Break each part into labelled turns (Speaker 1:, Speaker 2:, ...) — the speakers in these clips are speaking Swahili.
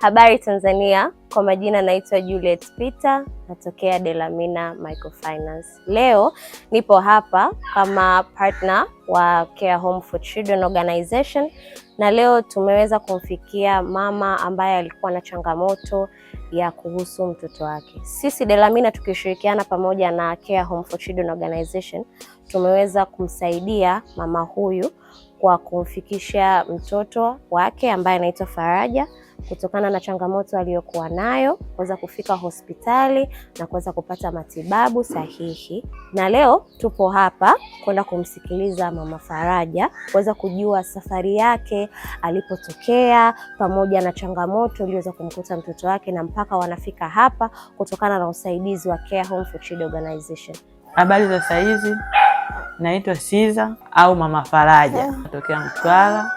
Speaker 1: Habari Tanzania, kwa majina naitwa Juliet Peter, natokea Delamina Microfinance. Leo nipo hapa kama partner wa Care Home for Children Organization, na leo tumeweza kumfikia mama ambaye alikuwa na changamoto ya kuhusu mtoto wake. Sisi Delamina tukishirikiana pamoja na Care Home for Children Organization tumeweza kumsaidia mama huyu kwa kumfikisha mtoto wake ambaye anaitwa Faraja kutokana na changamoto aliyokuwa nayo kuweza kufika hospitali na kuweza kupata matibabu sahihi, na leo tupo hapa kwenda kumsikiliza Mama Faraja kuweza kujua safari yake alipotokea, pamoja na changamoto iliyoweza kumkuta mtoto wake na mpaka wanafika hapa kutokana na usaidizi wa Care Home for Children Organization.
Speaker 2: Habari za saizi, naitwa Siza au Mama Faraja natokea Mtwara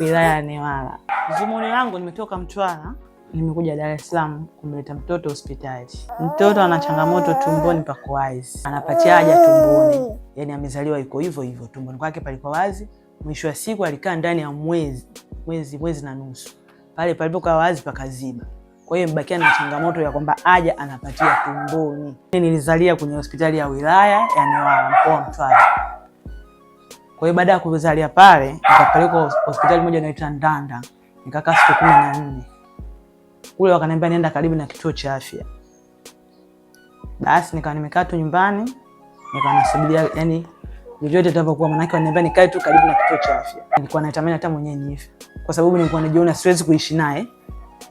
Speaker 2: wilaya ya Newala. Dhumuni langu nimetoka Mtwara, nimekuja Dar es Salaam kumleta mtoto hospitali. Mtoto ana changamoto tumboni, pako wazi, anapatia haja tumboni, yaani amezaliwa iko hivyo hivyo, tumboni kwake palikuwa wazi. Mwisho wa siku alikaa ndani ya mwezi mwezi mwezi na nusu, pale palipokuwa wazi pakaziba. Kwa hiyo mbakia na changamoto ya kwamba haja anapatia tumboni. Nilizalia kwenye hospitali ya wilaya ya Newala, mkoa wa Mtwara. Kwa hiyo baada ya kuzalia pale nikapelekwa hospitali moja inaitwa Ndanda nikakaa siku kumi na nne kule, wakaniambia nienda karibu na kituo cha afya. Basi nikawa nimekaa tu nyumbani, nikawa nasubiria yani vyovyote itavyokuwa, manake wananiambia nikae tu karibu na kituo cha afya. Nilikuwa natamani hata mwenyewe nife, kwa sababu nilikuwa najiona siwezi kuishi naye,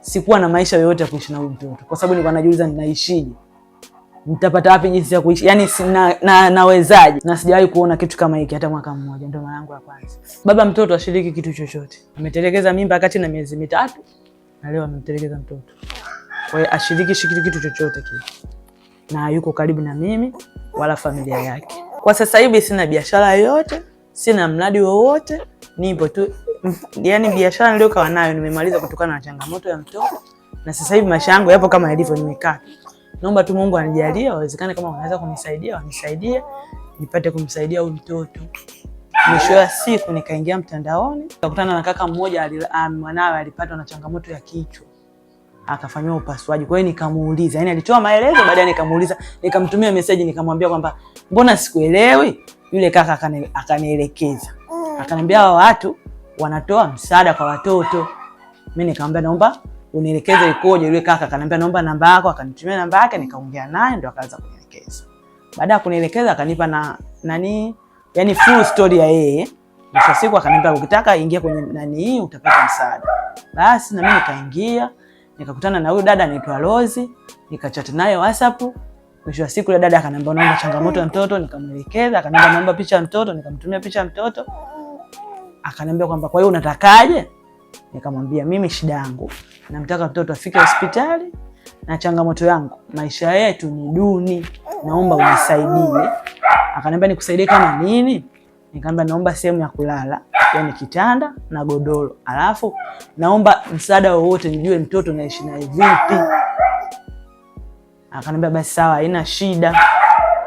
Speaker 2: sikuwa na maisha yoyote ya kuishi na huyu mtoto, kwa sababu nilikuwa najiuliza ninaishije nitapata wapi jinsi ya kuishi? Yani na, na, nawezaje? Na sijawahi kuona kitu kama hiki hata mwaka mmoja, ndio mara yangu ya kwanza. Baba mtoto ashiriki kitu chochote, ametelekeza mimba kati na miezi mitatu na leo amemtelekeza mtoto. Kwa hiyo ashiriki shiriki kitu chochote kile, na yuko karibu na mimi wala familia yake. Kwa sasa hivi sina biashara yoyote, sina mradi wowote, nipo tu yani biashara niliyokuwa nayo nimemaliza kutokana na changamoto ya mtoto, na sasa hivi maisha yangu yapo kama yalivyo, nimekaa naomba tu Mungu anijalie, wawezekana kama wanaweza kunisaidia wanisaidie, nipate kumsaidia huyu mtoto. Mwisho wa siku nikaingia mtandaoni, nikakutana na kaka mmoja, ah, mwanawe alipatwa na changamoto ya kichwa akafanyiwa upasuaji. Kwa hiyo nikamuuliza, yani alitoa maelezo, baadaye nikamuuliza, nikamtumia message, nikamwambia kwamba mbona sikuelewi. Yule kaka akanielekeza, akaniambia watu wanatoa msaada kwa watoto. Mimi nikamwambia naomba unielekeze ikoje? Yule kaka akaniambia naomba namba yako, akanitumia namba yake, nikaongea naye ndo akaanza kunielekeza. Baada ya kunielekeza akanipa na nani, yani full story ya yeye. Mwisho siku akaniambia ukitaka ingia kwenye nani hii utapata msaada. Basi na mimi nikaingia, nikakutana na huyo dada anaitwa Rose, nikachat naye WhatsApp. Mwisho wa siku yule dada akaniambia naomba changamoto ya mtoto, nikamwelekeza, akaniambia naomba picha ya mtoto, nikamtumia picha ya mtoto. Akaniambia kwamba kwa hiyo unatakaje? Nikamwambia mimi shida yangu namtaka mtoto afike hospitali na changamoto yangu maisha yetu ni duni, naomba unisaidie. Akaniambia nikusaidie kama nini? Nikamwambia naomba sehemu ya kulala, yani kitanda na godoro, alafu naomba msaada wowote, nijue mtoto naishi naye vipi. Akaniambia basi sawa, haina shida.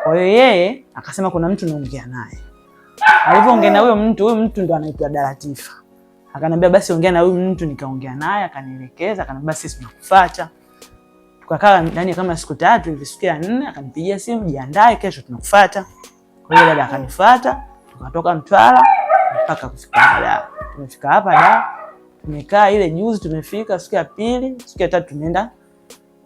Speaker 2: Kwa hiyo yeye akasema kuna mtu naongea naye. Alivyoongea na huyo mtu, huyo mtu ndo anaitwa Daratifa. Akaniambia basi ongea na huyu mtu, nikaongea naye akanielekeza, akaniambia sisi tunakufuata. Tukakaa ndani kama siku tatu hivi, siku ya nne akanipigia simu, jiandae, kesho tunakufuata. Kwa hiyo dada akanifuata, tukatoka Mtwara mpaka kufika hapa. Tumefika hapa da, tumekaa ile juzi, tumefika siku ya pili, siku ya tatu tumeenda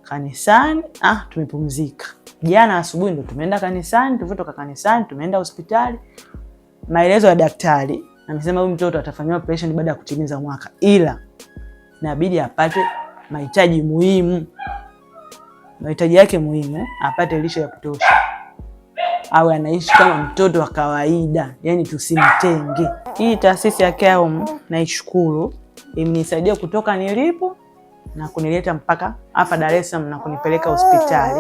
Speaker 2: kanisani, ah, tumepumzika. Jana asubuhi ndo tumeenda kanisani, tulivyotoka kanisani tumeenda hospitali, maelezo ya daktari amesema huyu mtoto atafanyiwa operation baada ya kutimiza mwaka, ila inabidi apate mahitaji muhimu, mahitaji yake muhimu, apate lishe ya kutosha, awe anaishi kama mtoto wa kawaida, yani tusimtenge. Hii taasisi ya Care Home naishukuru, imenisaidia kutoka nilipo na kunileta mpaka hapa Dar es Salaam na kunipeleka hospitali,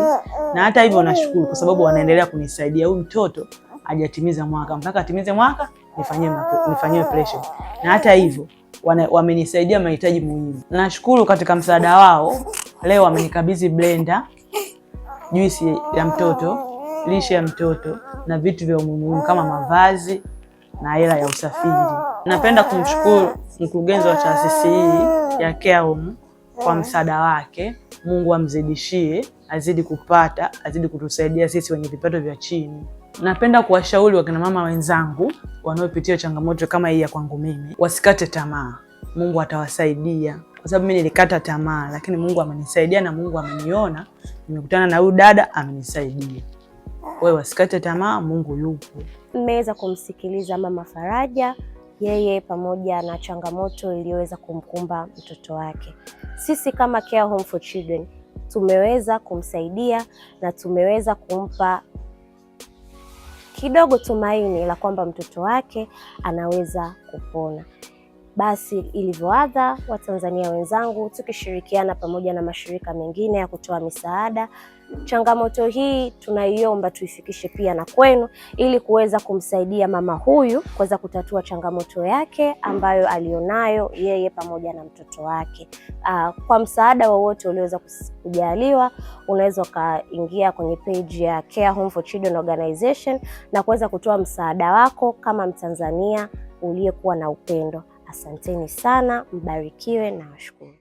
Speaker 2: na hata hivyo nashukuru kwa sababu wanaendelea kunisaidia. Huyu mtoto hajatimiza mwaka, mpaka atimize mwaka nifanyie nifanyie operation, na hata hivyo wamenisaidia mahitaji muhimu. Nashukuru katika msaada wao, leo wamenikabidhi blender, juisi ya mtoto, lishe ya mtoto na vitu vya umuhimu kama mavazi na hela ya usafiri. Napenda kumshukuru mkurugenzi wa taasisi hii ya Care Home kwa eh. msaada wake Mungu amzidishie wa azidi kupata azidi kutusaidia sisi wenye vipato vya chini. Napenda kuwashauri wakinamama wenzangu wanaopitia changamoto kama hii ya kwangu mimi, wasikate tamaa. Mungu atawasaidia, kwa sababu mimi nilikata tamaa, lakini Mungu amenisaidia na Mungu ameniona. Nimekutana na huyu dada amenisaidia. Wewe wasikate tamaa, Mungu yupo.
Speaker 1: Mmeweza kumsikiliza Mama Faraja yeye pamoja na changamoto iliyoweza kumkumba mtoto wake. Sisi kama Care Home for Children tumeweza kumsaidia na tumeweza kumpa kidogo tumaini la kwamba mtoto wake anaweza kupona. Basi ilivyoadha, Watanzania wenzangu, tukishirikiana pamoja na mashirika mengine ya kutoa misaada Changamoto hii tunaiomba tuifikishe pia na kwenu, ili kuweza kumsaidia mama huyu kuweza kutatua changamoto yake ambayo alionayo yeye pamoja na mtoto wake. Uh, kwa msaada wowote ulioweza kujaliwa, unaweza ukaingia kwenye page ya Care Home for Children Organization na kuweza kutoa msaada wako kama Mtanzania uliyekuwa na upendo. Asanteni sana, mbarikiwe na washukuru.